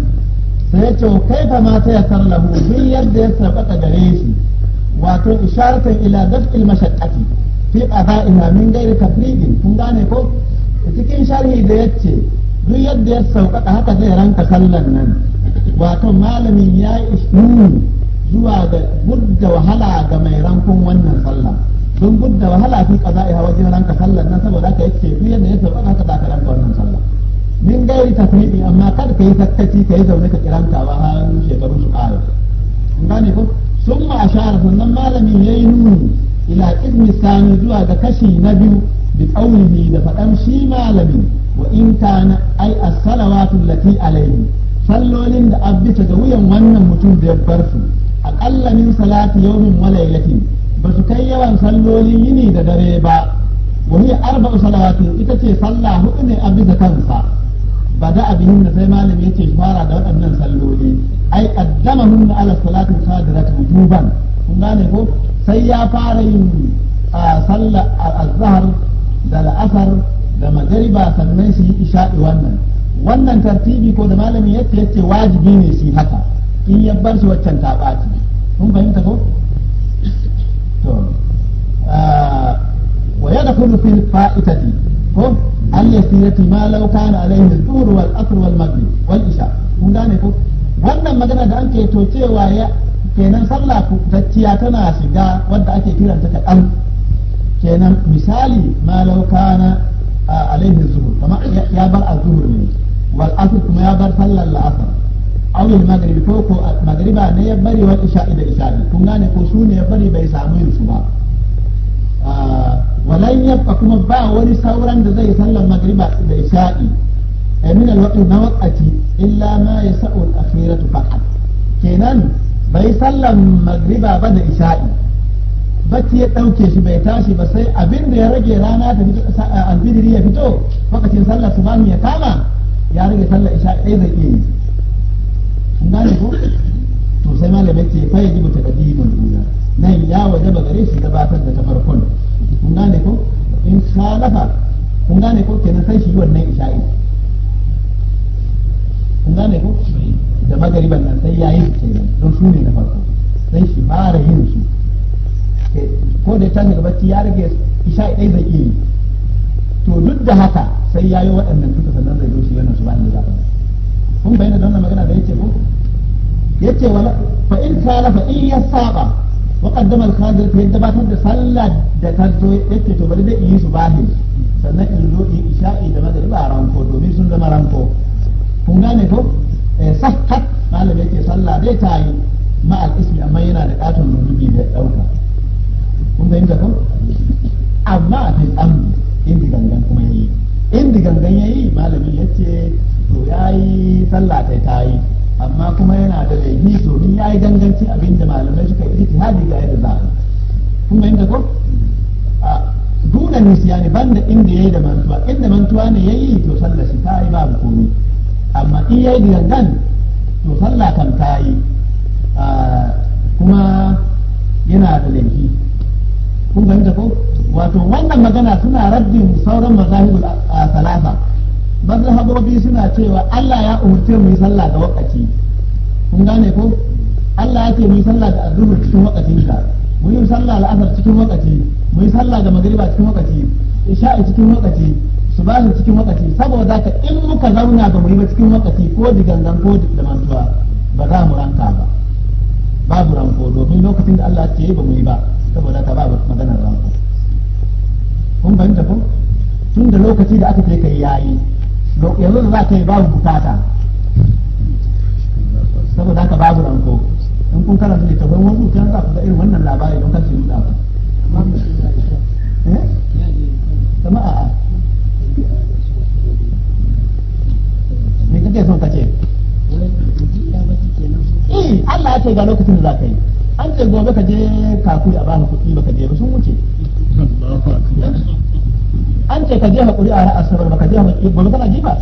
sai ya ce oh, kai fa ma ya sallahu duk yadda ya sabata gare shi wato isharatan ila daf'il mashaqqati fi qada'iha min ghairi tafridin kun gane ko cikin sharhi da ya ce duk yadda ya sauƙaƙa haka zai ranka sallan nan wato malamin ya yi zuwa ga gudda wahala ga mai rankun wannan sallah sun gudda wahala fi qada'iha wajen ranka sallar nan saboda haka yace duk yadda ya sauka haka za ka ranka wannan sallah min gairi tafriqi amma kada ka yi sakkaci ka yi zaune ka kiranta ba har shekaru su ƙara in gane ko sun ma ashara sannan malamin yi nuni ila izini sani zuwa ga kashi na biyu bi qawlihi da faɗan shi malamin wa in kana ai as-salawatu allati alayhi sallolin da abbita ga wuyan wannan mutum da ya bar su aqalla min salati yawmin wa laylatin ba su kai yawan sallolin yini da dare ba wa hiya arba'u salawatin ita ce sallah hudu ne a bisa kansa ba da abin da sai malami yake fara da waɗannan salloli ai qaddamahun ala salatin sadirat wujuban kun gane ko sai ya fara yin sallar azhar da la'asar da magariba sannan shi yi isha'i wannan wannan tartibi ko da malami yace yace wajibi ne shi haka in ya bar shi waccan ta ɓaci kun fahimta ko ويدخل في الفائتة اليسيرة ما لو كان عليه الظهر والأثر والمغرب والإشاء kun gane ko wannan magana da ake to cewa ya kenan sallah tacciya tana shiga wadda ake kiranta kaɗan kenan misali ma law kana alaihi zuhur kamar ya bar az-zuhur ne wal asr ya bar sallar al aulul magaribi ko ko magriba ne ya bari wa isha'i da isha'i kun gane ko su ne ya bari bai samu yin su ba ah, walan yabqa kuma ba wani sauran da zai sallar magariba da isha'i eh, min alwaqti na waqti illa ma yasa'u al-akhiratu faqat kenan bai sallar magariba ba da isha'i bacci ya ɗauke shi bai tashi ba sai abin da ya rage rana ta albidiri ya fito lokacin sallar subhan ya kama ya rage sallar isha'i ɗaya zai iya yi kun gane ko to sai malamai ce fa yajibu taqdimul ula nan ya wajaba gare shi gabatar da ta farkon kun gane ko in khalafa kun gane ko kenan sai shi wannan isha'i kun gane ko da magariban nan sai yayi su kenan don su ne na farko sai shi fara yin su ko da ta daga bacci ya rage isha'i dai zai yi to duk da haka sai yayi waɗannan duka sannan zai zo shi wannan ba ni ta'ala kun bayyana da wannan magana da yake ko yace wala fa in kana fa in ya saba wa qaddama al-qadir fa gabatar da sallah da ta zo yace to bari dai yi su bahi sannan in zo yi isha'i da magriba a ranko domin sun zama ranko kun gane ko eh sahhat malam yake sallah dai ta yi ma al-ismi amma yana da katon rububi da dauka kun inda ko amma a fil amri indi gangan kuma yayi indi gangan yayi malami yace to ya yi sallah ta ta yi amma kuma yana da laifi domin ya yi danganci abin da malamai suka yi hadi ga yadda za a kun ga inda ko a duna nisyani banda inda yayi da mantuwa inda mantuwa ne yayi to sallah shi ta yi babu komai amma in yayi da gangan to sallah kan ta yi kuma yana da laifi kun ga inda ko wato wannan magana suna raddin sauran mazahibul salasa mazhabobi suna cewa Allah ya umurce mu yi sallah da wakati kun gane ko Allah ya ce mu yi sallah da azhar cikin wakati ka mu yi sallah al'asar cikin wakati mu yi sallah da magriba cikin wakati isha'i cikin wakati subahi cikin wakati saboda ka in muka zauna ba mu yi ba cikin wakati ko digangan ko da mantuwa ba za mu ranka ba babu ranko domin lokacin da Allah ce ba mu yi ba saboda ka ba maganar ranko kun fahimta ko tun da lokaci da aka ce kai yayi yanzu da za ka yi babu bukata saboda haka babu ranko in kun karanta ne tabbin wasu can za ku ga irin wannan labari don kan su yi dafa sama eh? a a me kake son kace eh Allah ya ce ga lokacin da za ka yi an ce gobe ka je kakuri a ba ka kuɗi ba ka je ba sun wuce an ce ka je hakuri a ra'a sabar baka je hakuri gobe kana jifa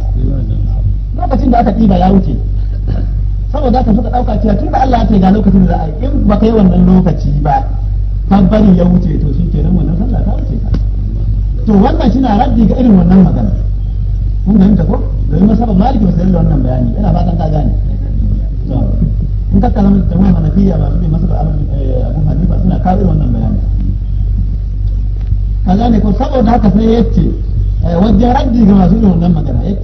lokacin da aka ɗiba ya wuce saboda haka suka ɗauka cewa tun da Allah ya ce ga lokacin da za yi in ba kai wannan lokaci ba Ta bari ya wuce to shi kenan wannan sallah ta wuce to wannan shi na raddi ga irin wannan magana kun fahimta ko domin masarar maliki masu da wannan bayani ina fatan ka gane in ka kalama jama'a hanafiya masu bin masarar eh, abu hanifa suna kawo irin wannan bayani kazane ko saboda haka sai yace eh, wajen raddi ga masu wannan magana ya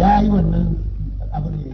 yayi wannan abin